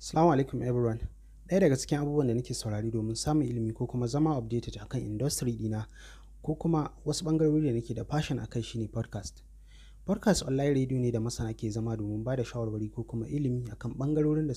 Assalamu alaikum everyone. Ɗaya daga cikin abubuwan da nake saurari domin samun ilimi ko kuma zama updated akan industry dina ko kuma wasu bangarori da nake da fashion shi shine podcast. Podcast online radio ne da masana ke zama domin ba da shawarwari ko kuma ilimi akan bangarorin da